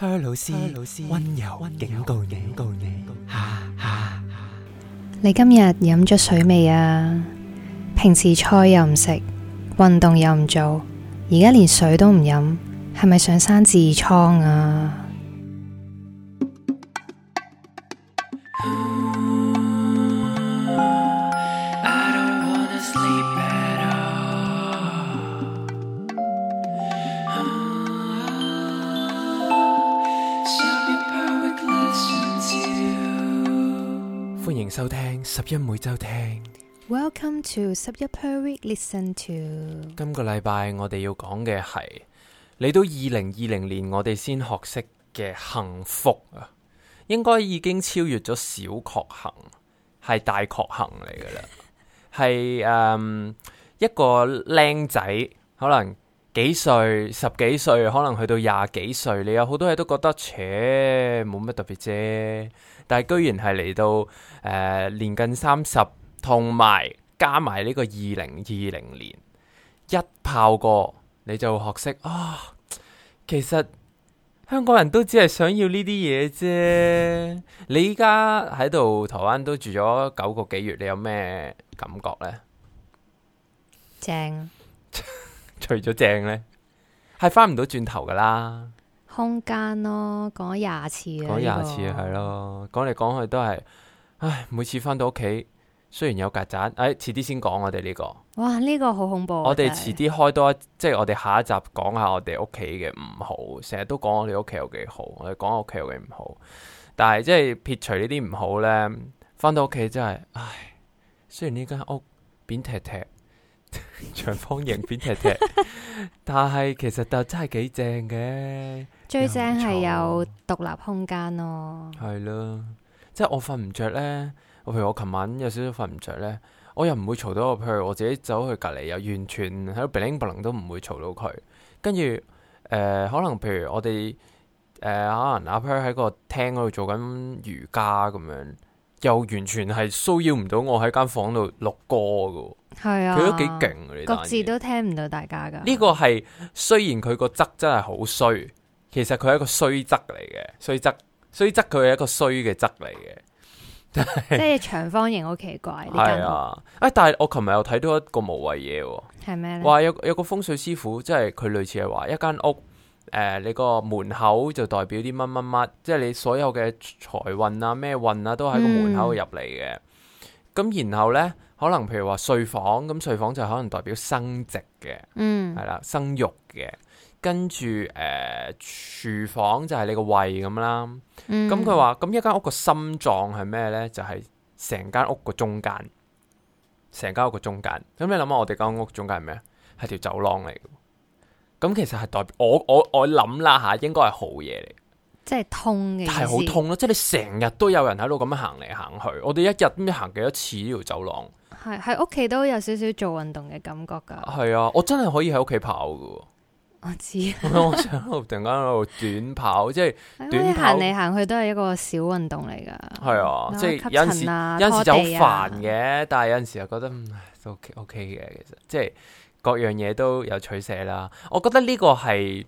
hello 崔老師，溫柔，溫柔警告，警告你，下下你今日飲咗水未啊？平時菜又唔食，運動又唔做，而家連水都唔飲，係咪想生痔瘡啊？拾壹每周聽，Welcome to 十一 per week listen to。今個禮拜我哋要講嘅係，嚟到二零二零年我哋先學識嘅幸福啊，應該已經超越咗小確幸，係大確幸嚟噶啦，係誒、 um, 一個僆仔，可能幾歲，十幾歲，可能去到廿幾歲，你有好多嘢都覺得，扯、呃，冇乜特別啫。但居然係嚟到誒、呃，年近三十，同埋加埋呢個二零二零年一炮過，你就會學識啊！其實香港人都只係想要呢啲嘢啫。你依家喺度台灣都住咗九個幾月，你有咩感覺呢？正。 除咗正呢，係翻唔到轉頭噶啦。空間咯，講廿次啊！講廿次係咯，講嚟講去都係，唉，每次返到屋企，雖然有曱甴，唉、哎，遲啲先講我哋呢、呢個。哇，呢、呢個好恐怖啊！我哋遲啲開多，一，即係我哋下一集講下我哋屋企嘅唔好，成日都講我哋屋企有幾好，我哋講屋企有幾唔好，但係即係撇除呢啲唔好呢，返到屋企真係，唉，雖然呢間屋扁踢踢。 長方形扁踢踢， 但係其實就真係幾正嘅，最正係有獨立空間咯。係咯、啊,即係我瞓唔着呢，我譬如我琴晚有少少瞓唔着呢，我又唔會嘈到佢。譬如我自己走去隔籬，又完全喺度 bling bling 都唔會嘈到佢。跟住，誒，可能譬如我哋誒、呃，可能阿 Per 喺個廳嗰度做緊瑜伽咁樣。又完全係騷擾唔到我喺間房度錄歌噶，係啊，佢都幾勁嘅。各自都聽唔到大家噶。呢個係雖然佢個質真係好衰，其實佢係一個衰質嚟嘅，衰質衰質佢係一個衰嘅質嚟嘅。即係長方形好奇怪。係 啊，誒、哎，但係我琴日又睇到一個無謂嘢，係咩咧？話，有有個風水師傅，即係佢類似係話一間屋。誒、呃，你個門口就代表啲乜乜乜，即係你所有嘅財運啊、咩運啊，都喺個門口入嚟嘅。咁、嗯、然後咧，可能譬如話睡房，咁睡房就可能代表生殖嘅，嗯，係啦，生育嘅。跟住誒，廚房就係你個胃咁啦。咁佢話咁一間屋個心臟係咩咧？就係、是、成間屋個中間，成間屋個中間。咁你諗下，我哋間屋中間係咩？係條走廊嚟嘅。咁其實係代表，我我我諗啦吓，應該係好嘢嚟即係痛嘅，係好痛咯！即係你成日都有人喺度咁樣行嚟行去，我哋一日都樣行幾多次呢條走廊？係喺屋企都有少少做運動嘅感覺噶，係啊！我真係可以喺屋企跑噶知 。我知，我想喺度，突然間喺度短跑，即係短行嚟行去都係一個小運動嚟噶。係啊，啊即係是、啊啊、有陣時有陣時就好煩嘅，但係有陣時又覺得都 OK OK 嘅，其實、okay、即係。各樣嘢都有取捨啦，我覺得呢個係誒、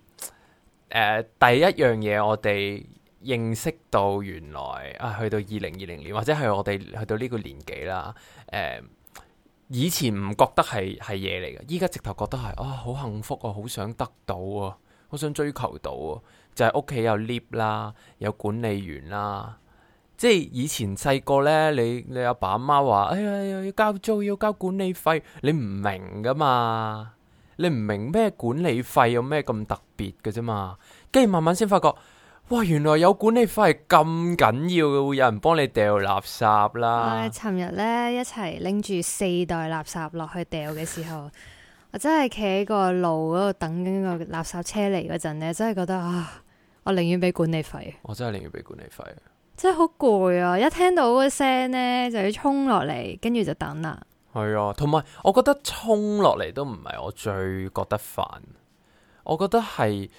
呃、第一樣嘢，我哋認識到原來啊，去到二零二零年或者係我哋去到呢個年紀啦，誒、呃、以前唔覺得係係嘢嚟嘅，依家直頭覺得係啊好幸福啊，好想得到啊，好想追求到啊，就係屋企有 lift 啦，有管理員啦。即係以前細個咧，你你阿爸阿媽話，哎呀，要交租，要交管理費，你唔明噶嘛？你唔明咩管理費有咩咁特別噶啫嘛？跟住慢慢先發覺，哇，原來有管理費係咁緊要，會有人幫你掉垃圾啦。我哋尋日咧一齊拎住四袋垃圾落去掉嘅時候， 我真係企喺個路嗰度等緊個垃圾車嚟嗰陣咧，真係覺得啊，我寧願俾管理費。我真係寧願俾管理費。真係好攰啊！一聽到嗰個聲呢，就要衝落嚟，跟住就等啦。係啊，同埋我覺得衝落嚟都唔係我最覺得煩。我覺得係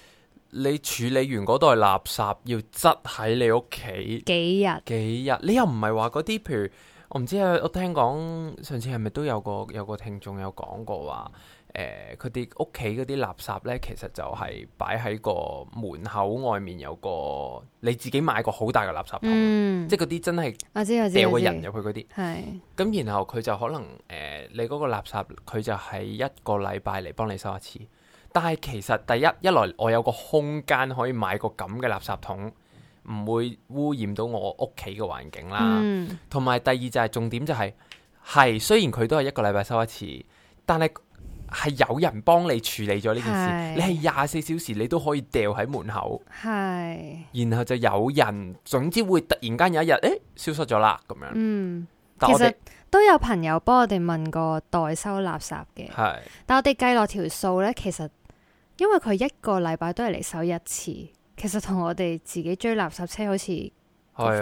你處理完嗰袋垃圾要執喺你屋企幾日？幾日？你又唔係話嗰啲，譬如我唔知啊，我聽講上次係咪都有個有個聽眾有講過話。誒，佢哋屋企嗰啲垃圾呢，其實就係擺喺個門口外面有個你自己買個好大嘅垃圾桶，嗯、即係嗰啲真係有個人入去嗰啲。係，咁然後佢就可能誒、呃，你嗰個垃圾佢就係一個禮拜嚟幫你收一次。但係其實第一一來我有個空間可以買個咁嘅垃圾桶，唔會污染到我屋企嘅環境啦。同埋、嗯、第二就係、是、重點就係、是、係，雖然佢都係一個禮拜收一次，但係。係有人幫你處理咗呢件事，是你係廿四小時你都可以掉喺門口，係是，然後就有人，總之會突然間有一日，誒、欸，消失咗啦咁樣。嗯，我其實都有朋友幫我哋問過代收垃圾嘅，係是，但我哋計落條數呢，其實因為佢一個禮拜都係嚟收一次，其實同我哋自己追垃圾車好似，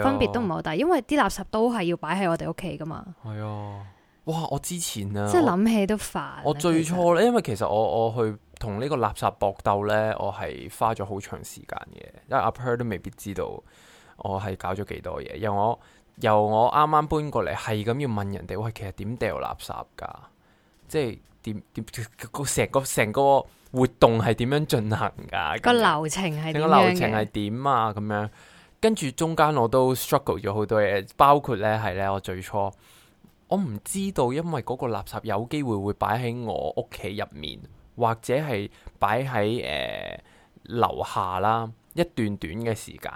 分別都唔係好大，哦、因為啲垃圾都係要擺喺我哋屋企㗎嘛，係哇！我之前啊，即係諗起都煩。我最初咧，因為其實我我去同呢個垃圾搏鬥咧，我係花咗好長時間嘅，因為阿 Per 都未必知道我係搞咗幾多嘢。由我由我啱啱搬過嚟，係咁要問人哋喂，其實點掉垃圾噶？即係點點個成個成個活動係點樣進行噶？流個流程係點？個流程係點啊？咁樣，跟住中間我都 struggle 咗好多嘢，包括咧係咧，我最初。我唔知道，因為嗰個垃圾有機會會擺喺我屋企入面，或者係擺喺誒樓下啦。一段短嘅時間，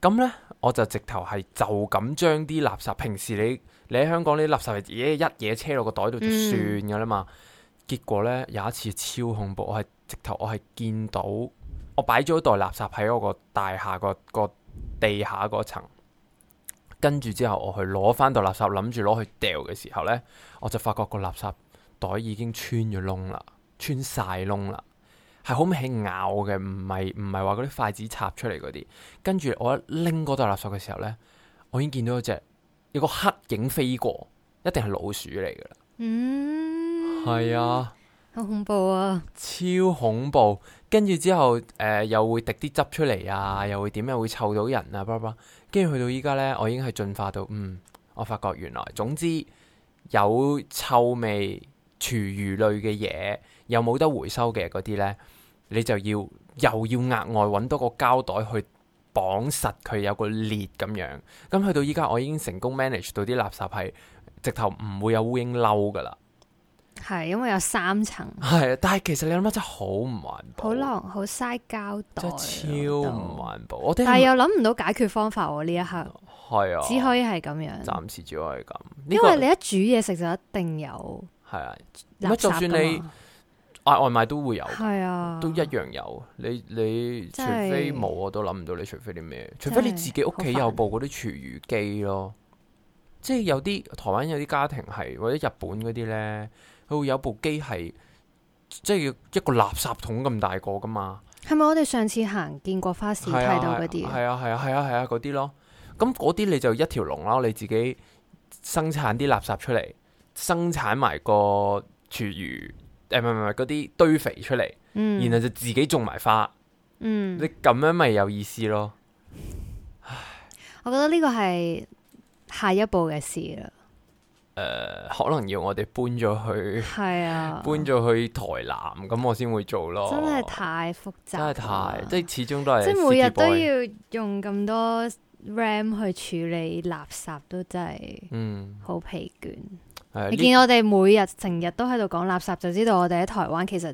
咁呢，我就直頭係就咁將啲垃圾，平時你你喺香港啲垃圾，係自己一嘢車落個袋度就算噶啦嘛。嗯、結果呢，有一次超恐怖，我係直頭我係見到我擺咗袋垃圾喺我個大廈個、嗰個地下嗰層。跟住之後，我去攞翻袋垃圾，諗住攞去掉嘅時候呢，我就發覺個垃圾袋已經穿咗窿啦，穿晒窿啦，係好明顯咬嘅，唔係唔係話嗰啲筷子插出嚟嗰啲。跟住我一拎嗰袋垃圾嘅時候呢，我已經見到有隻有個黑影飛過，一定係老鼠嚟噶啦。嗯，係啊，好恐怖啊，超恐怖！跟住之後，誒、呃、又會滴啲汁出嚟啊，又會點？又會臭到人啊，blah blah blah 跟住去到依家呢，我已經係進化到，嗯，我發覺原來總之有臭味、廚餘類嘅嘢，又冇得回收嘅嗰啲呢，你就要又要額外揾多個膠袋去綁實佢，有個裂咁樣。咁去到依家，我已經成功 manage 到啲垃圾係直頭唔會有烏蠅嬲㗎喇。係，因為有三層。係， 但係其實你諗下真係好唔環保，好浪，好嘥膠袋，超唔環保。嗯、我但係又諗唔到解決方法喎、啊，呢一刻。係啊。只可以係咁樣。暫時只可以咁。因為你一煮嘢食就一定有。係啊。垃圾噶嘛。就算你嗌外賣都會有。係啊。都一樣有。你你，是除非冇，我都諗唔到。你除非啲咩？除非你自己屋企有部嗰啲廚餘機咯。即係有啲台灣有啲家庭係，或者日本嗰啲咧。佢會有部機係，即係一個垃圾桶咁大個噶嘛？係咪我哋上次行見過花市睇到嗰啲？係啊係啊係啊係啊嗰啲、啊啊啊啊、咯。咁嗰啲你就一條龍啦，你自己生產啲垃圾出嚟，生產埋個廚餘誒，唔係唔係嗰啲堆肥出嚟。嗯，然後就自己種埋花。嗯，你咁、嗯嗯、樣咪有意思咯？唉，我覺得呢個係下一步嘅事啦。誒、呃，可能要我哋搬咗去，係啊，搬咗去台南，咁我先會做咯。真係太複雜，真係太，即係始終都係。即係每日都要用咁多 RAM 去處理垃圾，都真係，嗯，好疲倦。嗯啊、你見我哋每日成日都喺度講垃圾，就知道我哋喺台灣其實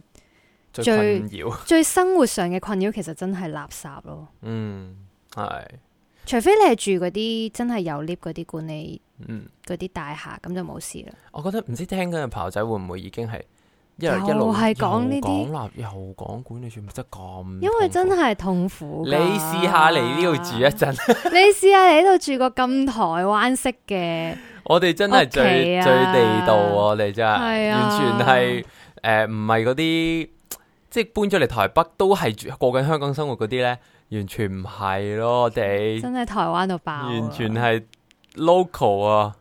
最最困擾、最生活上嘅困擾，其實真係垃圾咯。嗯，係、啊。除非你係住嗰啲真係有 lift 嗰啲管理。嗯，嗰啲大廈咁就冇事啦。我覺得唔知聽緊嘅炮仔會唔會已經係一一路係講呢啲，又講管理處，即係講，因為真係痛苦。你試下嚟呢度住一陣，你試下嚟呢度住個咁台灣式嘅，我哋真係最最地道，我哋真係完全係誒，唔係嗰啲即係搬咗嚟台北都係住過緊香港生活嗰啲咧，完全唔係咯，我哋真係台灣度爆，完全係。local 啊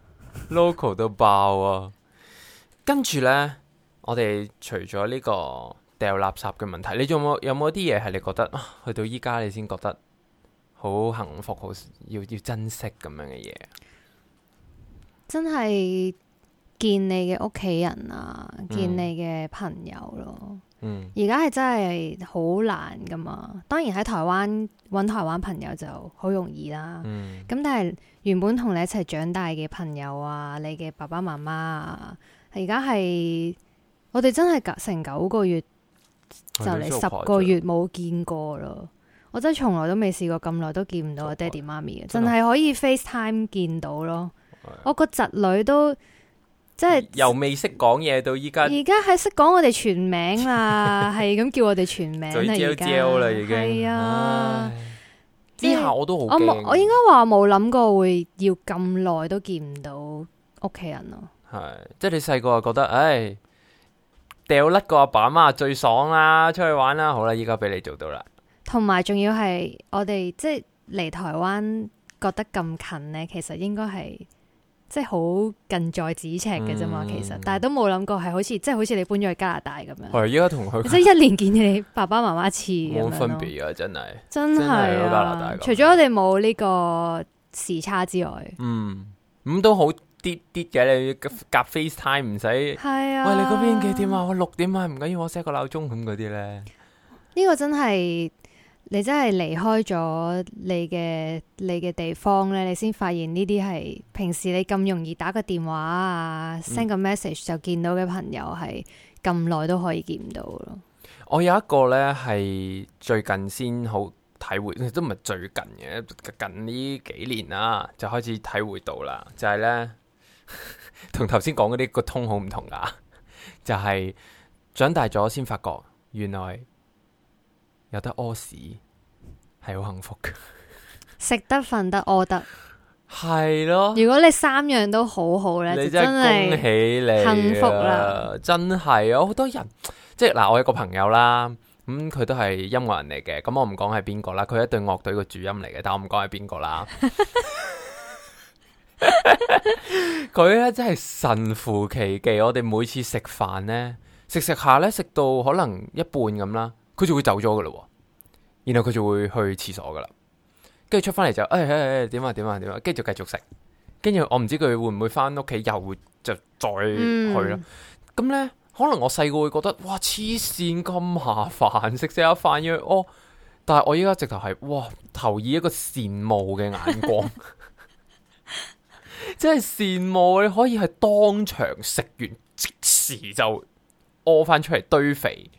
，local 都爆啊！跟住呢，我哋除咗呢個掉垃圾嘅問題，你仲有冇有冇一啲嘢係你覺得去、啊、到依家你先覺得好幸福、好要要珍惜咁樣嘅嘢？真係見你嘅屋企人啊，嗯、見你嘅朋友咯。嗯，而家係真係好難噶嘛。當然喺台灣揾台灣朋友就好容易啦。嗯，咁但係。原本同你一齊長大嘅朋友啊，你嘅爸爸媽媽啊，而家係我哋真係隔成九個月就嚟十個月冇見過咯。我真係從來都未試過咁耐都見唔到我爹哋媽咪嘅，真係可以 FaceTime 見到咯。我個侄女都即係由未識講嘢到依家，而家係識講我哋全名啦，係咁叫我哋全名啦，而家係啊。之後我都好驚，我應該話冇諗過會要咁耐都見唔到屋企人咯。係，即係你細個就覺得，唉、哎，掉甩個阿爸阿媽，媽最爽啦、啊，出去玩啦、啊，好啦，依家俾你做到啦。同埋仲要係我哋即係離台灣覺得咁近呢，其實應該係。即係好近在咫尺嘅啫嘛，其實，但係都冇諗過係好似，即係好似你搬咗去加拿大咁樣。係依家同佢即係一年見你爸爸媽媽一次，冇分別嘅真係，真係。加拿大除咗我哋冇呢個時差之外，嗯，咁都好啲啲嘅，你夾 FaceTime 唔使係啊，喂你嗰邊幾點啊？我六點啊，唔緊要，我 set 個鬧鐘咁嗰啲咧。呢個真係。你真係離開咗你嘅你嘅地方咧，你先發現呢啲係平時你咁容易打個電話啊、send、嗯、個 message 就見到嘅朋友，係咁耐都可以見唔到咯。我有一個呢係最近先好體會，都唔係最近嘅，近呢幾年啦，就開始體會到啦，就係、是、呢， 同頭先講嗰啲個通好唔同噶，就係長大咗先發覺原來。有得屙屎係好幸福嘅， 食得，瞓得、得、屙得係咯。如果你三樣都好好咧，你真係、恭喜你、幸福啦！真係有、啊、好多人，即係嗱，我有一個朋友啦，咁、嗯、佢都係音樂人嚟嘅。咁我唔講係邊個啦，佢係一隊樂隊嘅主音嚟嘅，但我唔講係邊個啦。佢咧 真係神乎其技，我哋每次食飯咧，食食下咧，食到可能一半咁啦。佢就會走咗噶啦，然後佢就會去廁所噶啦，跟住出翻嚟就誒誒誒點啊點啊點啊，啊繼續繼續食，跟住我唔知佢會唔會翻屋企又會就再去咯，咁咧、嗯、可能我細個會覺得哇黐線咁麻煩，食食下飯，因為我，但係我依家直頭係哇，投以一個羨慕嘅眼光， 即係羨慕你可以係當場食完即時就屙翻出嚟堆肥。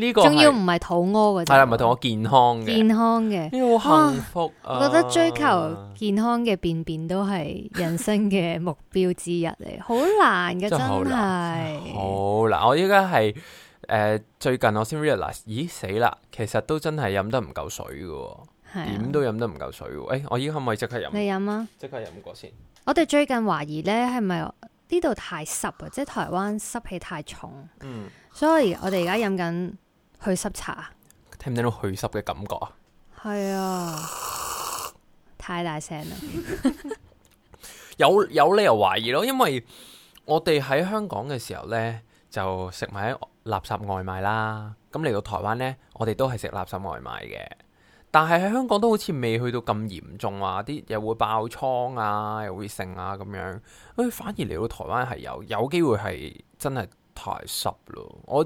呢個仲要唔係肚屙㗎，係啦、啊，唔係同我健康嘅健康嘅，好、啊、幸福啊！我覺得追求健康嘅便便都係人生嘅目標之一嚟，好 難嘅真係。好難,難。我依家係誒最近我先 realize，咦死啦！其實都真係飲得唔夠水嘅，點、啊、都飲得唔夠水。誒、欸，我依家可唔可以即刻飲？你飲啊！即刻飲過先。我哋最近懷疑咧係咪呢度太濕啊？即係台灣濕氣太重，嗯，所以我哋而家飲緊。去濕茶，聽唔聽到去濕嘅感覺啊？係啊，太大聲啦 ！有有理由懷疑咯，因為我哋喺香港嘅時候呢，就食埋垃圾外賣啦。咁嚟到台灣呢，我哋都係食垃圾外賣嘅。但係喺香港都好似未去到咁嚴重啊，啲又會爆瘡啊，又會剩啊咁樣。反而嚟到台灣係有有機會係真係太濕咯，我。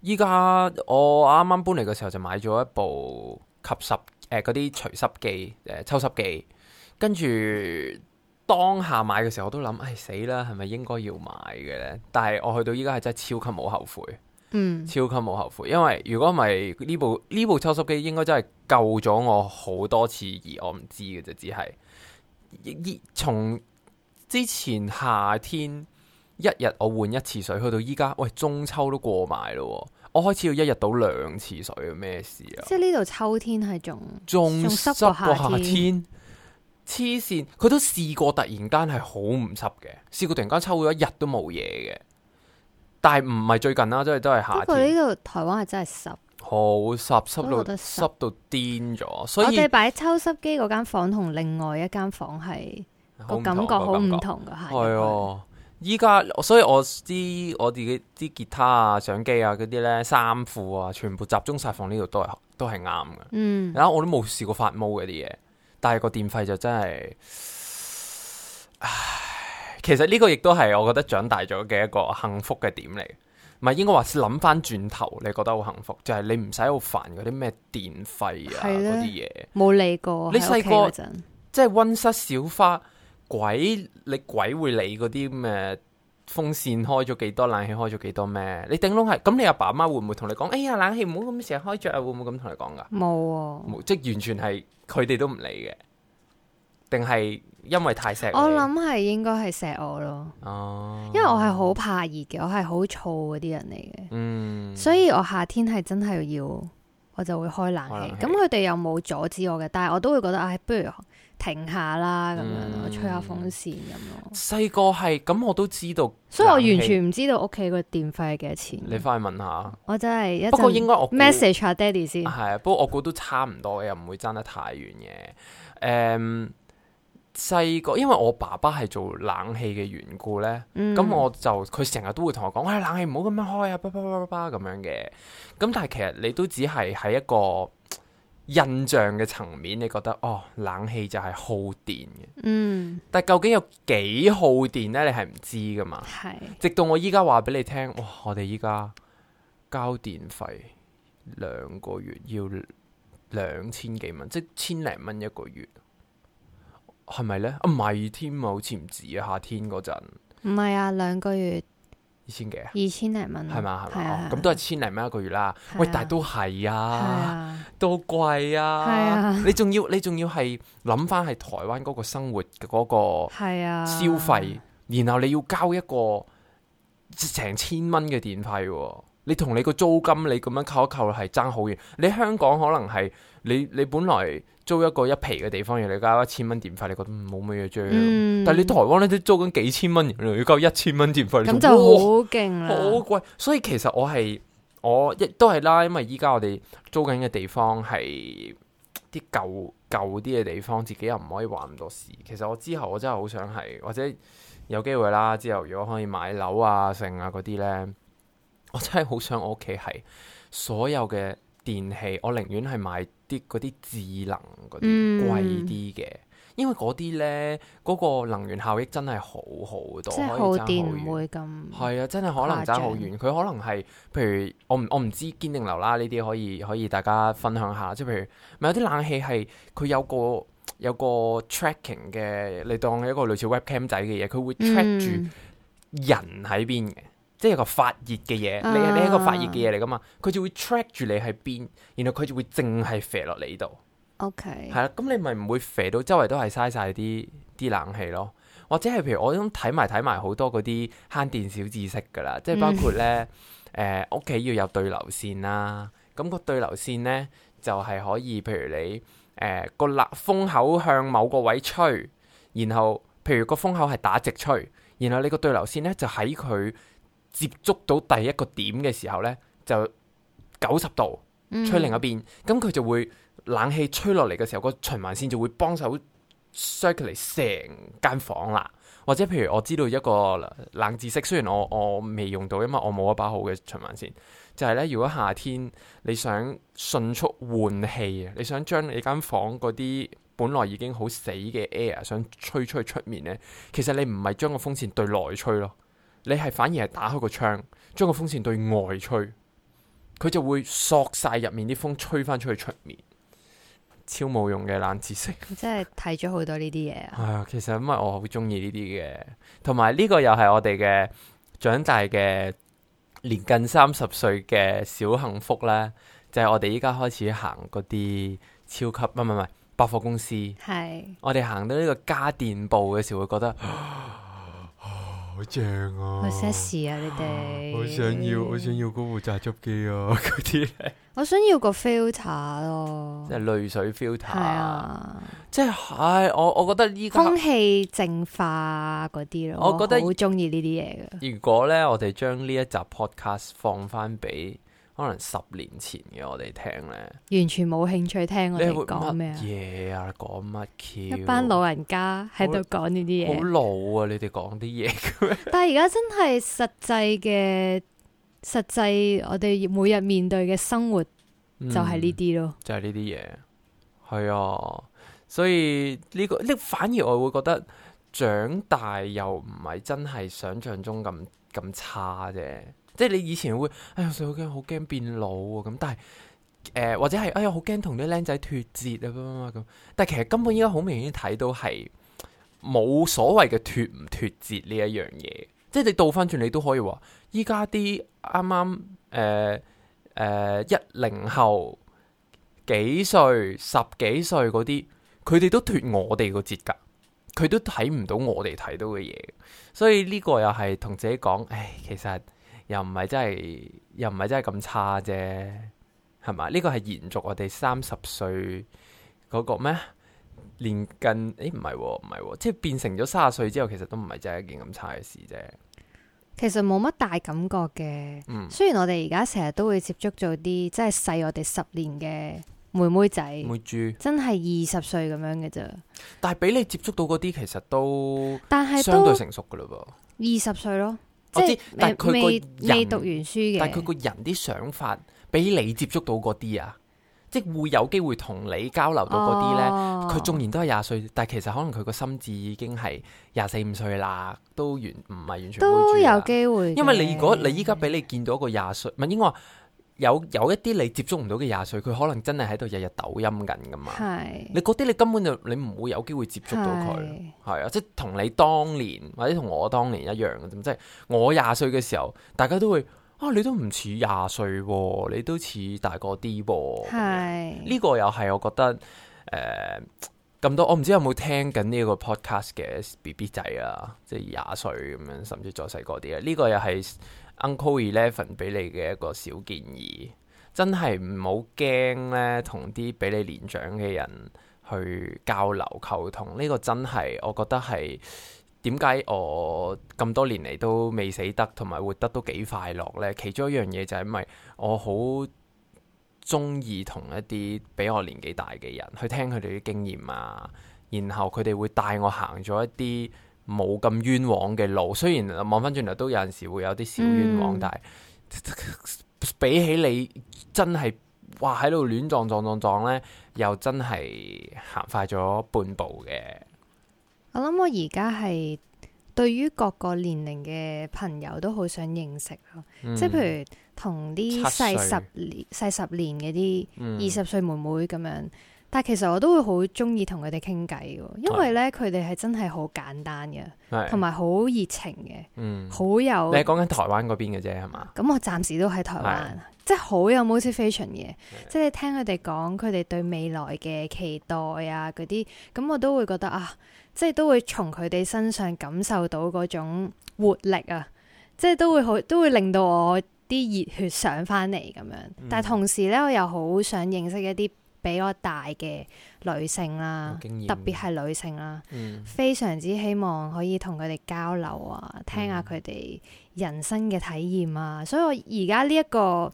依家我啱啱搬嚟嘅時候就買咗一部吸濕，誒，嗰啲除濕機，誒，抽濕機，跟住當下買嘅時候我都諗，唉、哎，死啦，係咪應該要買嘅咧？但係我去到依家係真係超級冇後悔，嗯，超級冇後悔。因為如果唔係呢部呢部抽濕機，應該真係救咗我好多次而我唔知嘅啫，只係依從之前夏天。一日我換一次水，去到依家，喂，中秋都過埋咯，我開始要一日倒兩次水，咩事啊？即係呢度秋天係仲仲濕過夏天，黐線！佢都試過突然間係好唔濕嘅，試過突然間抽咗一日都冇嘢嘅，但係唔係最近啦，即係都係都係夏天。不過呢度台灣係真係濕，好濕濕到濕到癲咗。所以我哋擺抽濕機嗰間房同另外一間房係個感覺好唔同噶吓。係哦、啊。依家所以我知我自己啲吉他啊、相機啊、嗰啲，咧衫褲啊，全部集中晒放呢度都係都係啱嘅。嗯，然後我都冇試過發毛嗰啲嘢，但係個電費就真係，唉，其實呢個亦都係我覺得長大咗嘅一個幸福嘅點嚟。唔係應該話諗，返轉頭，你覺得好幸福，就係、是、你唔使好煩嗰啲咩電費啊、嗰啲嘢冇理過。你細個陣即係溫室小花。鬼你鬼會理嗰啲咩風扇開咗幾多，冷氣開咗幾多咩？你頂籠係咁，你阿爸阿媽會唔會同你講？哎呀冷氣唔好咁成日開着啊！會唔會咁同你講噶？冇，有啊、即完全係佢哋都唔理嘅，定係因為太錫我，諗係應該係錫我咯。哦，因為我係好怕熱嘅，我係好燥嗰啲人嚟嘅。嗯，所以我夏天係真係要，我就會開冷氣。咁佢哋又冇阻止我嘅，但係我都會覺得唉、哎，不如。停下啦，咁樣咯，吹下風扇咁咯。細個係咁，我都知道，所以我完全唔知道屋企個電費係幾多錢。你翻去問下。我真係一。不過應該我。Message 下爹哋先。係啊，不過我估都差唔多嘅，又唔會爭得太遠嘅。誒、um，細個因為我爸爸係做冷氣嘅緣故咧，咁、嗯、我就佢成日都會同我講：誒、哎，冷氣唔好咁樣開啊，叭叭叭叭叭咁樣嘅。咁但係其實你都只係喺一個。印象嘅層面，你覺得哦冷氣就係耗電嘅，嗯，但究竟有幾耗電呢？你係唔知噶嘛？係，直到我依家話俾你聽，哇！我哋依家交電費兩個月要兩千幾蚊，即千零蚊一個月，係咪呢？唔係添啊，好似唔止啊，夏天嗰陣唔係啊，兩個月。二千幾啊？二、哦、千零蚊係嘛？係嘛？咁都係千零蚊一個月啦。啊、喂，但係都係啊，都貴啊。係啊，啊你仲要你仲要係諗翻係台灣嗰個生活嗰個係啊消費，然後你要交一個成千蚊嘅電費，啊。你同你個租金，你咁樣扣一扣係爭好遠。你香港可能係你你本來租一個一皮嘅地方，而你交一千蚊電費，你覺得冇乜嘢 charge。但係你台灣咧，都租緊幾千蚊，原來要交一千蚊電費，咁、嗯、哇就好勁啦，好貴。所以其實我係我亦都係啦，因為依家我哋租緊嘅地方係啲舊舊啲嘅地方，自己又唔可以話咁多事。其實我之後我真係好想係或者有機會啦，之後如果可以買樓啊、剩啊嗰啲咧。我真係好想我屋企係所有嘅電器，我寧願係買啲嗰啲智能嗰啲貴啲嘅，因為嗰啲呢，嗰個能源效益真係好好多，即係耗電唔會咁係啊！真係可能爭好遠，佢可能係譬如我唔我唔知堅定流啦呢啲可以可以大家分享下，即係譬如咪有啲冷氣係佢有個有個 tracking 嘅，你當係一個類似 webcam 仔嘅嘢，佢會 track 住人喺邊嘅。嗯即係個發熱嘅嘢、啊，你係你係一個發熱嘅嘢嚟㗎嘛？佢就會 track 住你喺邊，然後佢就會淨係肥落你度。OK，係啦，咁你咪唔會肥到周圍都係嘥晒啲啲冷氣咯，或者係譬如我都睇埋睇埋好多嗰啲慳電小知識㗎喇，即係包括咧誒屋企要有對流線啦。咁、那個對流線咧就係、是、可以，譬如你誒個冷風口向某個位吹，然後譬如個風口係打直吹，然後你個對流線咧就喺佢。接觸到第一個點嘅時候呢，就九十度、嗯、吹另一邊，咁佢就會冷氣吹落嚟嘅時候，個循環線就會幫手 circulate 嚟成間房啦。或者譬如我知道一個冷知識，雖然我我未用到，因為我冇一把好嘅循環線，就係、是、呢：如果夏天你想迅速換氣啊，你想將你房間房嗰啲本來已經好死嘅 air 想吹出去出面呢，其實你唔係將個風扇對內吹咯。你係反而係打開個窗，將個風扇對外吹，佢就會索晒入面啲風，吹翻出去出面，超冇用嘅冷知識。真係睇咗好多呢啲嘢啊、哎！其實因為我好中意呢啲嘅，同埋呢個又係我哋嘅長大嘅，年近三十歲嘅小幸福咧，就係、是、我哋依家開始行嗰啲超級唔唔唔百貨公司，係是我哋行到呢個家電部嘅時候會覺得。啊好正啊！好 sexy 啊，你哋！好想要，好想要嗰部榨汁機啊，嗰啲們、啊。我想要，我想要個，啊、 個 filter 咯，即係淚水 filter 係啊！即係，唉，我我覺得呢個、這個、空氣淨化嗰啲咯，我好中意呢啲嘢嘅。如果咧，我哋將呢一集 podcast 放翻俾。可能十年前嘅我哋聽咧，完全冇興趣聽我哋講咩啊！嘢啊，講乜橋？一班老人家喺度講呢啲嘢，好老啊！你哋講啲嘢，但係而家真係實際嘅實際，我哋每日面對嘅生活就係呢啲咯，嗯、就係呢啲嘢，係啊，所以呢、這個呢、這個、反而我會覺得長大又唔係真係想象中咁咁差啫。即係你以前會哎呀，所以好驚好驚變老啊咁，但係誒、呃、或者係哎呀，好驚同啲僆仔脱節啊咁，但係其實根本依家好明顯睇到係冇所謂嘅脱唔脱節呢一樣嘢，即係你倒翻轉你都可以話，依家啲啱啱誒誒一零後幾歲十幾歲嗰啲，佢哋都脱我哋個節噶，佢都睇唔到我哋睇到嘅嘢，所以呢個又係同自己講，誒其實。又唔係真係，又唔係真係咁差啫，係咪？呢個係延續我哋三十歲嗰個咩？年近？誒，唔係喎，唔係喎，即係變成咗三十歲之後，其實都唔係真係一件咁差嘅事啫。其實冇乜大感覺嘅，嗯。雖然我哋而家成日都會接觸到啲真係細我哋十年嘅妹妹仔、妹豬，真係二十歲咁樣嘅啫。但係俾你接觸到嗰啲，其實都，但係相對成熟噶啦噃，二十歲咯。即係，但係佢個人，未讀完書嘅，但係佢個人啲想法，俾你接觸到嗰啲啊，即係會有機會同你交流到嗰啲咧。佢縱、oh. 然都係廿歲，但係其實可能佢個心智已經係廿四五歲啦，都完唔係完全、啊、都有機會。因為你如果你依家俾你見到一個廿歲，唔係應該話。有有一啲你接觸唔到嘅廿歲，佢可能真係喺度日日抖音緊噶嘛？是你嗰啲你根本就你唔會有機會接觸到佢，係啊是，即係同你當年或者同我當年一樣嘅啫。即係我廿歲嘅時候，大家都會啊，你都唔似廿歲喎，你都似大是個啲噃。呢個又係我覺得誒咁多，我唔知有冇聽緊呢個 podcast 嘅 BB 仔啊，即係廿歲咁樣，甚至再細個啲咧。呢個又係。Uncle Eleven 俾你嘅一個小建議，真係唔好驚咧，同啲比你年長嘅人去交流溝通。呢、這個真係我覺得係點解我咁多年嚟都未死得，同埋活得都幾快樂咧。其中一樣嘢就係因為我好中意同一啲比我年紀大嘅人去聽佢哋啲經驗啊，然後佢哋會帶我行咗一啲。冇咁冤枉嘅路，雖然望翻轉頭都有陣時會有啲小冤枉，嗯、但係比起你真係哇喺度亂撞撞撞撞咧，又真係行快咗半步嘅。我諗我而家係對於各個年齡嘅朋友都好想認識咯，嗯、即係譬如同啲細十年、歲細十年嗰啲二十歲妹妹咁樣。嗯嗯。但其實我都會好中意同佢哋傾偈嘅，因為咧佢哋係真係好簡單嘅，同埋好熱情嘅，好、嗯、有。你講緊台灣嗰邊嘅啫係嘛？咁我暫時都喺台灣，是即係好有 motivation 嘅，是即係聽佢哋講佢哋對未來嘅期待啊嗰啲，咁我都會覺得啊，即係都會從佢哋身上感受到嗰種活力啊，即係都會好都會令到我啲熱血上翻嚟咁樣。但係同時咧，我又好想認識一啲。比我大嘅女性啦，特別係女性啦，嗯、非常之希望可以同佢哋交流啊，聽下佢哋人生嘅體驗啊。嗯、所以我而家呢一個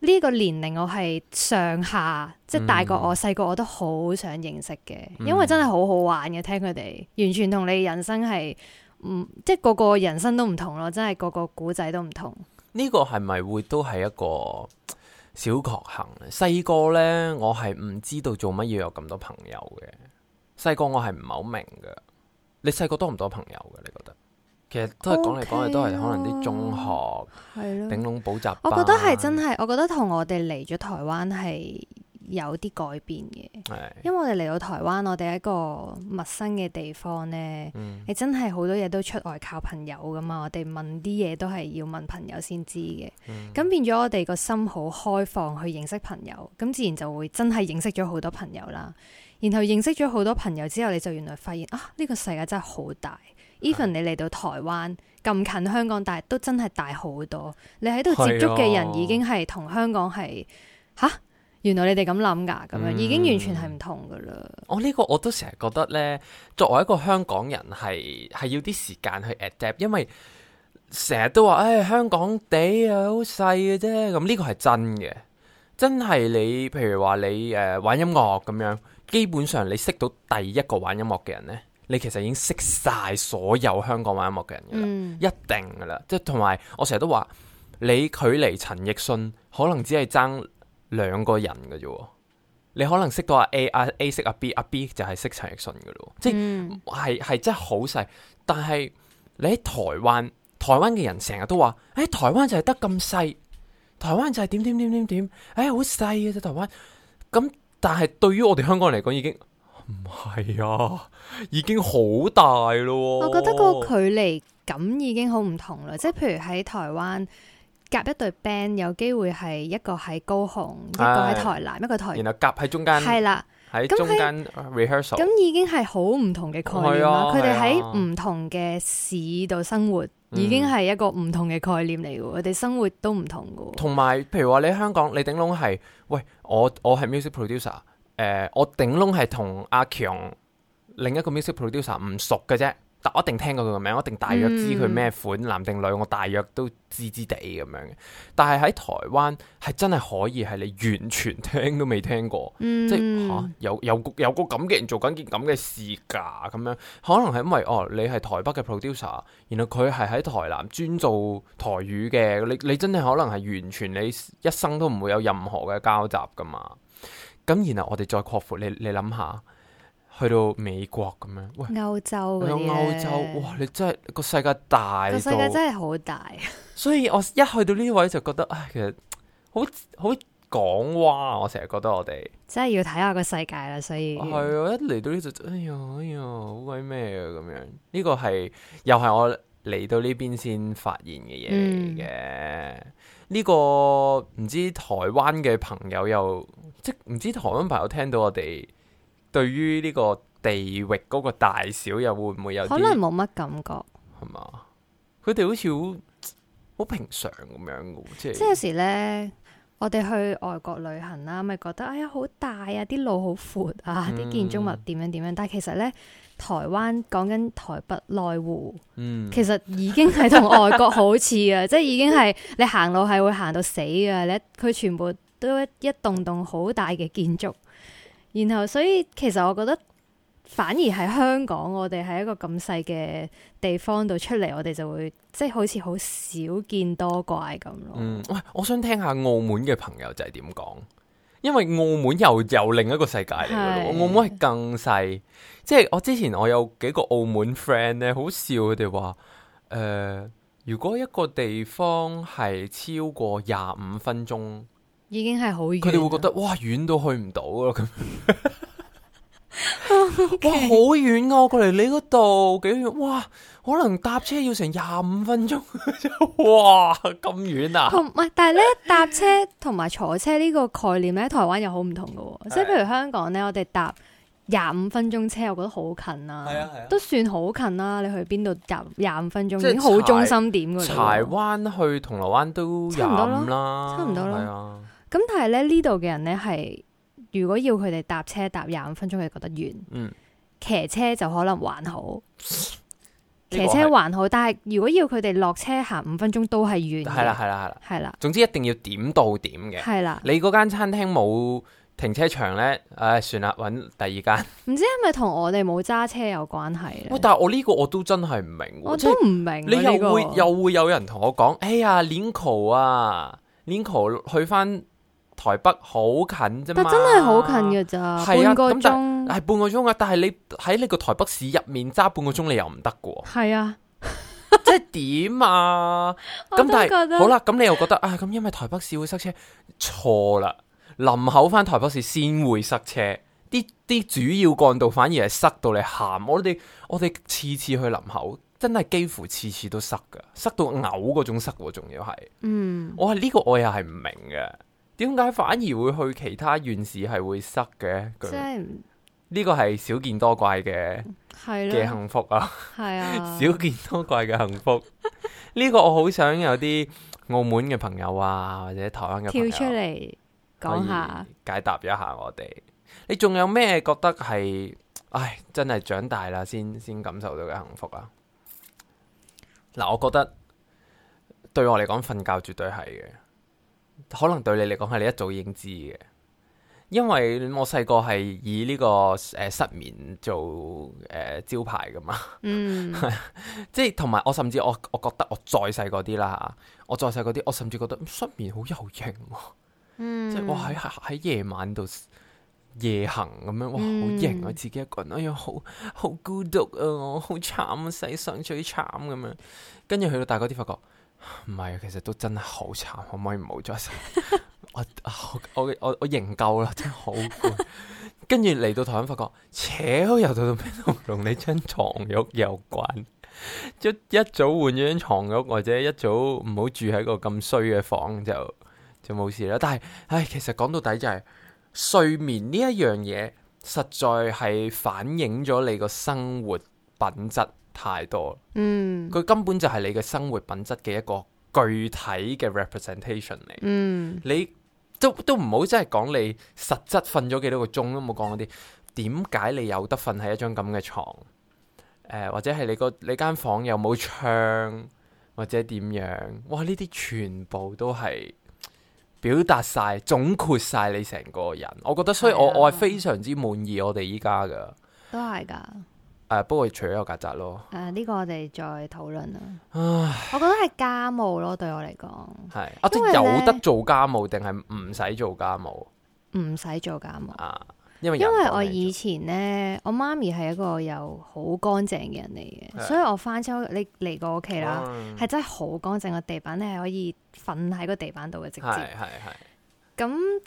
呢、這個年齡，我係上下，即、就、係、是、大個我細個，嗯、我都好想認識嘅，嗯、因為真係好好玩嘅，聽佢哋完全同你人生係唔、嗯、即係個個人生都唔同咯，真係個個古仔都唔同。呢個係咪會都係一個？小確幸。細個呢，我係唔知道做乜嘢要有咁多朋友嘅。細個我係唔係好明嘅。你細個多唔多朋友嘅？你覺得你其實都係 Okay 講嚟講去都係可能啲中學、頂籠的補習班。我覺得係真係，我覺得同我哋嚟咗台灣係。有啲改變嘅，因為我哋嚟到台灣，我哋一個陌生嘅地方呢，嗯、你真係好多嘢都出外靠朋友㗎嘛。我哋問啲嘢都係要問朋友先知嘅，咁、嗯、變咗我哋個心好開放去認識朋友，咁自然就會真係認識咗好多朋友啦。然後認識咗好多朋友之後，你就原來發現啊，呢、呢個世界真係好大。Even、嗯、你嚟到台灣咁近香港但係，都真係大好多。你喺度接觸嘅人已經係同香港係嚇。對哦。原來你哋咁諗㗎，咁樣已經完全係唔同嘅啦、嗯。我呢個我都成日覺得呢，作為一個香港人係係要啲時間去 adapt，因為成日都話誒、哎、香港地啊好細嘅啫，咁呢個係真嘅。真係你譬如話你誒、呃、玩音樂咁樣，基本上你識到第一個玩音樂嘅人呢，你其實已經識晒所有香港玩音樂嘅人嘅啦，嗯、一定嘅啦。即係同埋我成日都話，你距離陳奕迅可能只係爭兩個人嘅啫，你可能識到阿 A 阿 A, A 識阿 B 阿 B 就係識陳奕迅嘅咯，即係係、嗯、真係好細。但係你喺台灣，台灣嘅人成日都話，誒、欸，台灣就係得咁細，台灣就係點點點點點，誒，好細嘅啫，台灣。咁但係對於我哋香港人嚟講，已經唔係啊，已經好大咯。我覺得個距離感已經好唔同啦，即係譬如喺台灣。夾一隊 band，有機會係一個喺高雄，一個喺台南，哎、一個台，然後夾喺中間，係啦的，喺中間 rehearsal，咁已經係好唔同嘅概念。佢哋喺唔同嘅市度生活，的已經係一個唔同嘅概念嚟嘅。佢哋、嗯、生活都唔同嘅。同埋，譬如話你喺香港，你頂籠係喂我，我係 music producer，誒、呃，我頂籠係同阿強另一個 music producer 唔熟嘅啫。我一定聽過佢個名，我一定大約知佢咩款，嗯、男定女，我大約都知知地咁樣嘅。但係喺台灣係真係可以係你完全聽都未聽過，嗯、即係嚇、啊、有有有個咁嘅人做緊件咁嘅事㗎、啊、咁樣。可能係因為哦，你係台北嘅 producer，然後佢係喺台南專做台語嘅，你你真係可能係完全你一生都唔會有任何嘅交集㗎嘛。咁然後我哋再擴闊，你你諗下。去到美國咁樣，喂，歐洲嗰啲，歐洲哇，你真係個世界大，個世界真係好大。 所以我一去到呢位就覺得，唉，其實好好講哇，我成日覺得我哋真係要睇下個世界啦。所以係啊，一嚟到呢度，哎呀，哎呀，好鬼咩啊咁樣。呢個係又係我嚟到呢邊先發現嘅嘢嚟嘅。呢、嗯這個唔知台灣嘅朋友又即係唔知台灣朋友聽到我哋。對於呢個地域嗰個大小又會唔會有？可能冇乜感覺係嘛？佢哋好似好好平常咁樣嘅，即係有時呢，我哋去外國旅行啦，啊，咪覺得哎呀好大啊，啲路好闊啊，啲，嗯、建築物點樣點樣。但係其實呢，台灣講緊台北內湖，嗯，其實已經係同外國好似啊， 即係已經係你行路係會行到死噶，你佢全部都一一棟棟好大嘅建築。然後，所以其實我覺得反而喺香港，我哋喺一個咁細嘅地方度出嚟，我哋就會即係好似好少見多怪咁咯。嗯，喂，我想聽下澳門嘅朋友就係點講，因為澳門又又另一個世界嚟是。澳門係更細，即係我之前我有幾個澳門 friend 咧，好笑佢哋話，誒、呃、如果一個地方係超過廿五分鐘。已經係好遠，佢哋會覺得 哇，遠到去唔到咯咁，哇好遠啊！我 過嚟你嗰度幾遠？哇，可能搭車要成廿五分鐘，哇咁遠啊！唔係，但係咧搭車同埋坐車呢個概念咧、啊，喺台灣又好唔同噶。即係譬如香港咧，我哋搭廿五分鐘車，我覺得好近啊，係啊係啊，啊都算好近啦、啊。你去邊度搭廿五分鐘，已經好中心點噶啦。柴灣去銅鑼灣都有廿五啦，差唔多係啊。差咁但係咧呢度嘅人咧，係如果要佢哋搭車搭廿五分鐘，佢覺得遠，騎、嗯、車就可能還好，騎是車還好，但係如果要佢哋落車行五分鐘都係遠嘅，係啦係啦係啦，係啦。是總之一定要點到點嘅，係啦是。你嗰間餐廳冇停車場咧，誒、啊、算啦，搵第二間。唔知係咪同我哋冇揸車有關係咧、哦？但係我呢個我都真係唔明，我都唔明。你又會又會有人同我講，哎呀 Linko 啊，Linko 去翻。台北好近啫嘛，啊，但真係好近嘅咋？係啊，咁就係半個鐘啊。但係你喺你個台北市入面揸半個鐘，你又唔得嘅。係是啊， 啊，即係點啊？咁但係好啦，咁你又覺得啊？咁、哎、因為台北市會塞車，錯啦！林口翻台北市先會塞車，啲啲主要幹道反而係塞到你喊。我哋我哋次次去林口，真係幾乎次次都塞嘅，塞到嘔嗰種塞，仲要係嗯，我係呢個我又係唔明嘅。點解反而會去其他縣市係會塞嘅？即呢個係少見多怪嘅，嘅幸福啊！係啊，少見多怪嘅幸福。呢 個我好想有啲澳門嘅朋友啊，或者台灣嘅朋友跳出嚟講下，可以解答一下我哋。你仲有咩覺得係？唉，真係長大啦，先先感受到嘅幸福啊！嗱、啊，我覺得對我嚟講，瞓覺絕對係嘅。可能對你嚟講，係你一早已經知嘅，因為我細個係以呢個誒失眠做誒招牌噶嘛，嗯，即係同埋我甚至我我覺得我再細嗰啲啦吓，我再細嗰啲，我甚至覺得失眠好有型啊，嗯，即係我喺喺夜晚度夜行咁樣，哇，好型啊，嗯，自己一個人，哎呀，好好孤獨啊，我好慘啊，世上最慘咁樣，跟住去到大嗰啲發覺。唔係，其實都真係好慘，可唔可以唔好再食？我我我我營救啦，真係好攰。跟住嚟到台灣，發覺，扯又到到咩同你張床褥有關？即 一早換咗張床褥，或者一早唔好住喺個咁衰嘅房，就就冇事啦。但係，唉，其實講到底就係、是、睡眠呢一樣嘢，實在係反映咗你個生活品質。太多，嗯，佢根本就係你嘅生活品質嘅一個具體嘅 representation 嚟。嗯，你都都唔好真係講你實質瞓咗幾多個鐘都冇講嗰啲，點解你有得瞓喺一張咁嘅床？誒、呃，或者係你個你間房有冇窗或者點樣？哇，呢啲全部都係表達晒、總括晒你成個人。我覺得，所以我、啊、我係非常之滿意我哋依家㗎，都係㗎。不過除咗有曱甴咯，誒、啊、呢、這個我哋再討論啦。唉我覺得係家務咯，對我嚟講係，啊啊、有得做家務定係唔使做家務？唔使做家務啊，因為，因為我以前呢，嗯、我媽咪係一個有好乾淨嘅人嚟嘅，是所以我翻之後你嚟過屋企啦，係、嗯、真係好乾淨嘅地板，你係可以瞓喺個地板度嘅直接。係係。咁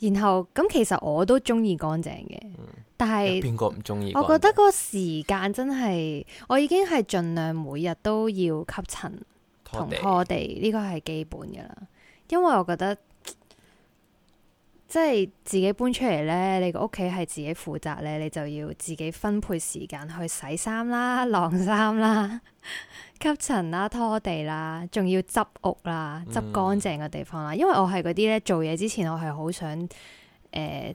然後咁，其實我都中意乾淨嘅。嗯但係，我覺得個時間真係，我已經係盡量每日都要吸塵同拖地，呢個係基本㗎啦。因為我覺得，即係自己搬出嚟呢，你個屋企係自己負責呢，你就要自己分配時間去洗衫啦、晾衫啦、吸塵啦、拖地啦，仲要執屋啦、執乾淨嘅地方啦。嗯、因為我係嗰啲呢，做嘢之前我係好想誒。呃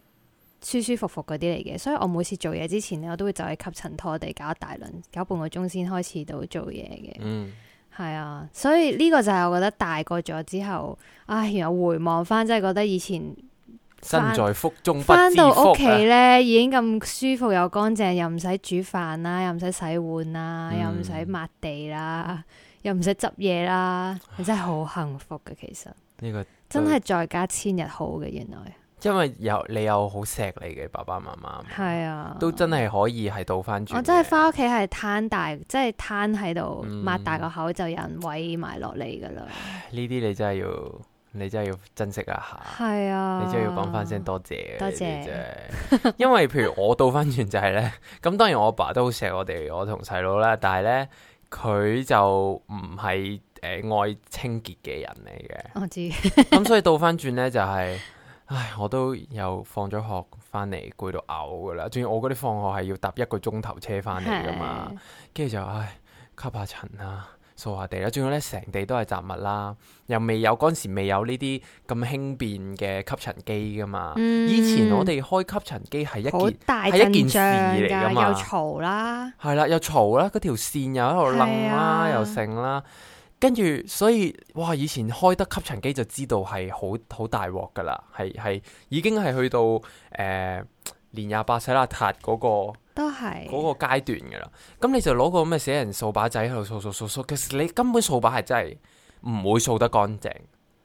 舒舒服服嗰啲嚟嘅，所以我每次做嘢之前咧，我都會就喺吸塵拖地搞一大輪，搞半個鐘先開始到做嘢嘅。嗯，係啊，所以呢個就係我覺得大個咗之後，唉、哎，然後回望翻真係覺得以前身在福中。翻、啊、到屋企咧，已經咁舒服又乾淨，又唔使煮飯啦，又唔使洗碗啦、嗯，又唔使抹地啦，又唔使執嘢啦，真係好幸福嘅。其實呢唉 實個真係在家千日好嘅，原來。因為有你又好錫你嘅爸爸媽媽。係啊，都真係可以係倒翻轉，我真係翻屋企係攤大，即係攤喺度，擘、嗯、大個口就有人餵埋落嚟噶啦。呢啲你真係要，你真係要珍惜一下。係啊，你真係要講翻聲多謝，多謝。因為譬如我倒翻轉就係、是、呢。咁 當然我爸都好錫我哋，我同細佬啦，但係呢，佢就唔係誒愛清潔嘅人嚟嘅。我知。咁 所以倒翻轉呢，就係。唉，我都又放咗學翻嚟攰到嘔噶啦，仲要我嗰啲放學係要搭一個鐘頭車翻嚟噶嘛，跟住是就唉吸下塵啦，掃下地啦，仲要咧成地都係雜物啦，又未有嗰陣時未有呢啲咁輕便嘅吸塵機噶嘛，嗯、以前我哋開吸塵機係一件係一件事嚟噶嘛，又嘈啦，係啦又嘈啦，嗰條線又喺度掕啦又剩啦。的跟住，所以哇！以前開得吸塵機就知道係好好大鑊㗎喇，係係已經係去到誒年廿八洗邋遢嗰個，都係是嗰個階段㗎喇。咁你就攞個咁嘅死人掃把仔喺度掃，掃掃掃掃，其實你根本掃把係真係唔會掃得乾淨，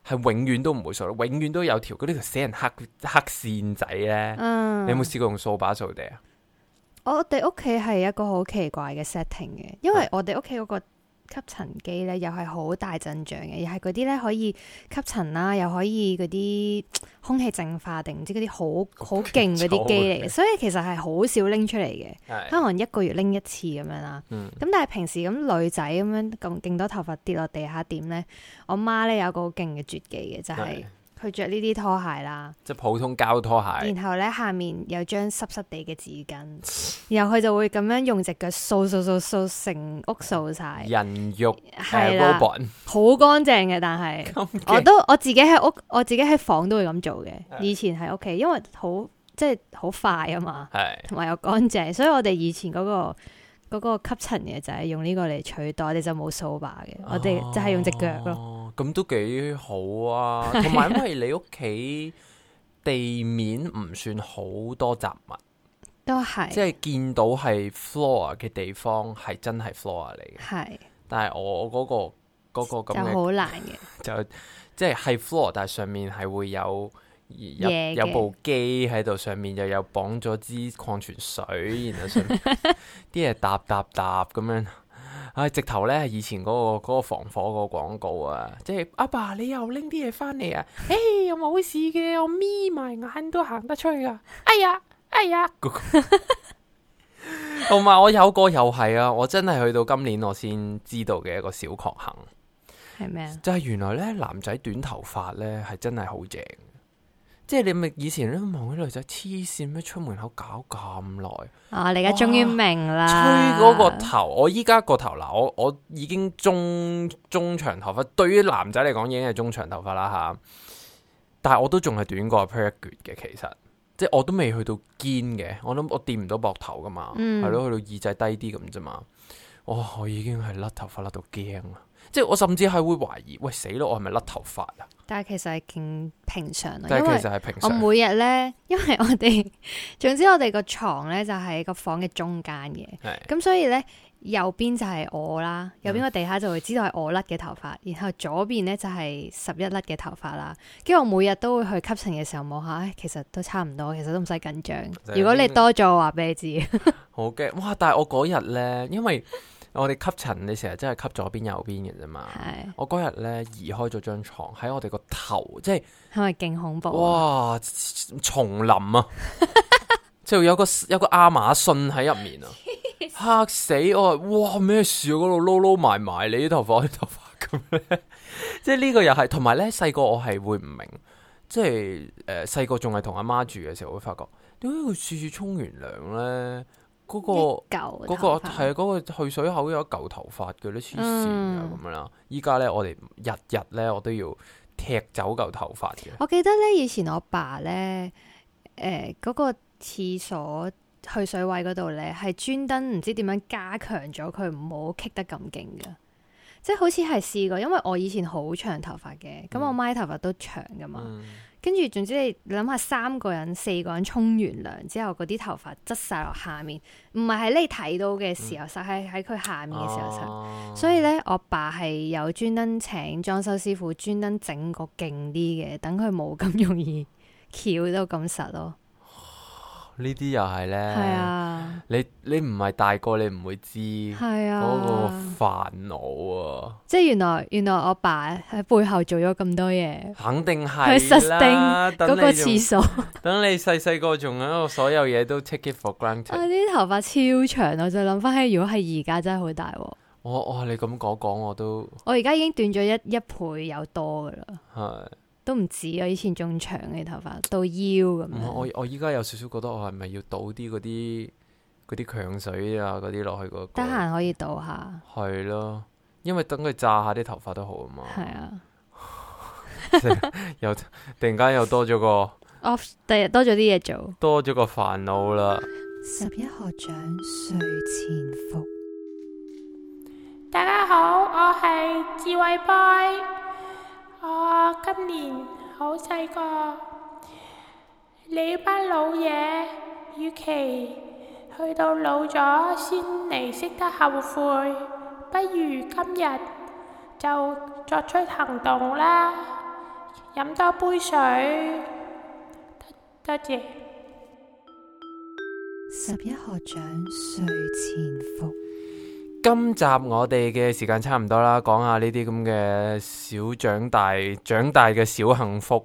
係永遠都唔會掃，永遠都有條嗰啲條死人黑黑線仔咧。嗯、你有冇試過用掃把掃地啊？我哋屋企係一個好奇怪嘅 setting 嘅，因為我哋屋企嗰個。吸塵機咧又係好大陣仗嘅，又係嗰啲咧可以吸塵啦，又可以嗰啲空氣淨化定唔知嗰啲好好勁嗰啲機嚟嘅，所以其實係好少拎出嚟嘅，的可能一個月拎一次咁樣啦。咁、嗯、但係平時咁女仔咁樣咁勁多頭髮跌落地下點咧？我媽咧有個好勁嘅絕技嘅就係、是。佢着呢啲拖鞋啦，即係普通膠拖鞋。然後咧，下面有張濕濕地嘅紙巾，然後佢就會咁樣用隻腳掃掃掃掃成屋掃晒。人肉係啦，好乾淨嘅，但係我都我自己喺屋，我自己喺房都會咁做嘅。 以前喺屋企，因為好即係好快啊嘛，係同埋又乾淨，所以我哋以前嗰個。嗰個吸塵嘅就係用呢個嚟取代，你就冇掃把嘅，啊、我哋就係用隻腳咯。咁都幾好啊！同埋 因為你屋企地面唔算好多雜物， 都係是即係見到係 floor 嘅地方係真係 floor 嚟嘅。係 是，但係我嗰個嗰個咁就好難嘅， 就即係係 floor，但係上面係會有。有，有部機喺度上面，又有綁咗支礦泉水，然後上面啲嘢 搭搭搭咁樣，唉、哎，直頭呢以前嗰、嗰個、嗰個防火個廣告爸爸啊，即係阿爸你又拎啲嘢翻嚟啊，誒，又冇事嘅，我眯埋眼都行得出去啊，哎呀，哎呀，同埋 我有個又係啊，我真係去到今年我先知道嘅一個小確幸係咩啊？就係原來呢，男仔短頭髮呢，係真係好正。即係你咪以前都望啲女仔黐線咩？出門口搞咁耐，啊，你而家終於明啦！吹嗰個頭，我依家個頭啦，我我已經中中長頭髮，對於男仔嚟講已經係中長頭髮啦吓。但係我都仲係短過披一卷嘅，其實即係我都未去到肩嘅。我諗我掂唔到膊頭噶嘛，係咯，嗯、去到耳仔低啲咁啫嘛。哇，啊！我已經係甩頭髮甩到驚啊！即係我甚至係會懷疑，喂，死咯！我係咪甩頭髮啊？但係其實係勁平常啊，其實係平常。我每日咧，因為我哋，總之我哋個床咧就係個房嘅中間嘅，咁是所以咧右邊就係我啦，右邊個地下就會知道係我甩嘅頭髮、嗯，然後左邊咧就係十一甩嘅頭髮啦。跟住我每日都會去吸塵嘅時候望下、哎，其實都差唔多，其實都唔使緊張。就是、如果你多咗話俾你知，好驚，哇！但係我嗰日咧，因為。 我哋吸塵，你成日真係吸左邊右邊嘅啫嘛。的我嗰日咧移開咗張床，喺我哋個頭，即係係咪勁恐怖？哇！叢林啊，即係 有個有個亞馬遜喺入面啊，吓 死我！哇，咩事嗰度撈撈埋埋，你啲頭髮、 呃，我啲頭髮咁咧。即係呢個又係，同埋咧細個我係會唔明，即係誒細個仲係同阿媽住嘅時候會發覺，點解佢次次沖完涼咧？嗰、那個嗰、那個係嗰、那個去水口有一嚿頭髮，嗰啲黐線啊咁樣啦。依家咧，我哋日日咧，我都要踢走嚿頭髮嘅。我記得咧，以前我爸咧，誒、呃、嗰、那個廁所去水位嗰度咧，係專登唔知點樣加強咗佢，唔好棘得咁勁嘅。即係好似係試過，因為我以前好長頭髮嘅，咁我媽頭髮都長噶嘛。嗯嗯。跟住，總之你諗下，三個人、四個人沖完涼之後，嗰啲頭髮塞晒落下面，唔係喺你睇到嘅時候實，係喺佢下面嘅時候實。啊、所以咧，我爸係有專登請裝修師傅專登整個勁啲嘅，等佢冇咁容易翹到咁實咯。呢啲又係咧，係啊，你你唔係大個，你唔會知係啊，嗰個煩惱啊！啊即係原來原來我爸喺背後做咗咁多嘢，肯定係啦。嗰個廁所，等你細細 個仲喺度所有嘢都 take it for granted。我哋啲頭髮超長啊！我就諗翻起，如果係而家真係好大。我我、哦哦、你咁講講我都，我而家已經短咗一一倍有多噶啦。係。 都唔止啊！以前仲長嘅頭髮到腰咁。唔係，我我依家有少少覺得我係咪要倒啲嗰啲嗰啲強水啊嗰啲，落去嗰、嗰個，得閒可以倒下。係咯，因為等佢炸下啲頭髮都好啊嘛。係啊， 又突然間又多咗個。我第日多咗啲嘢做，多咗個煩惱啦。十一學長睡前福，大家好，我係智慧派。我、哦、今年好細個，你班老嘢，與其去到老咗先嚟識得後悔，不如今日就作出行動啦！飲多杯水，多,多謝。十一學長睡前服。今集我哋嘅時間差唔多啦，講下呢啲咁嘅小長大長大嘅小幸福。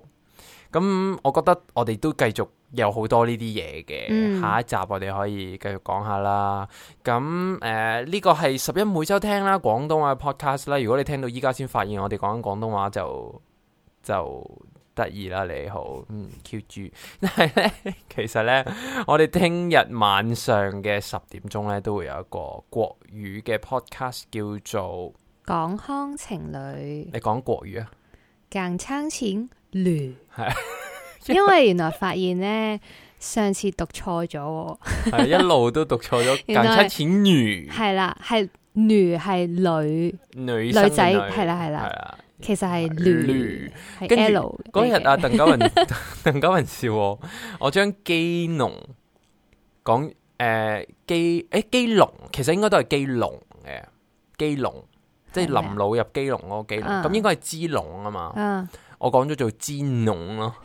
咁、嗯、我覺得我哋都繼續有好多呢啲嘢嘅，嗯、下一集我哋可以繼續講下啦。咁、嗯、誒，呢個係拾壹每週聽啦，廣東話 podcast 啦。如果你聽到依家先發現我哋講緊廣東話就就。得意啦，你好，嗯，QG，但係咧， 其實咧，我哋聽日晚上嘅十點鐘咧，都會有一個國語嘅 podcast 叫做《港腔、啊、情侶》講，你講國語啊？更差錢女係，因為原來發現咧， 上次讀錯咗，係 一路都讀錯咗，更差錢女係啦，係女係女女女仔係啦，係啦。其實係亂亂，跟住嗰日阿鄧九雲，鄧九雲笑我，我將雞農講誒雞誒雞籠，其實應該都係雞籠嘅雞籠，即係林老入雞籠嗰個雞籠，咁應該係支籠啊嘛，我講咗做支籠咯，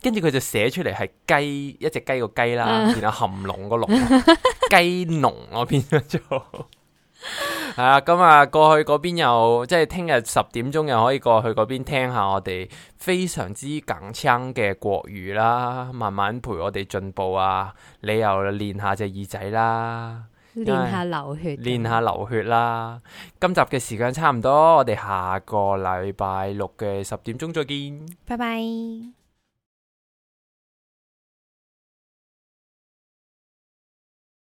跟住佢就寫出嚟係雞一隻雞個雞啦，然後含籠個籠雞籠我變咗做。係啦，咁 啊，啊，過去嗰邊，又即係聽日十點鐘又可以過去嗰邊聽下我哋非常之緊張嘅國語啦，慢慢陪我哋進步啊，你又練下隻耳仔啦，練下流血，練下流血啦，今集嘅時間差唔多，我哋下個禮拜六嘅十點鐘再見，拜拜。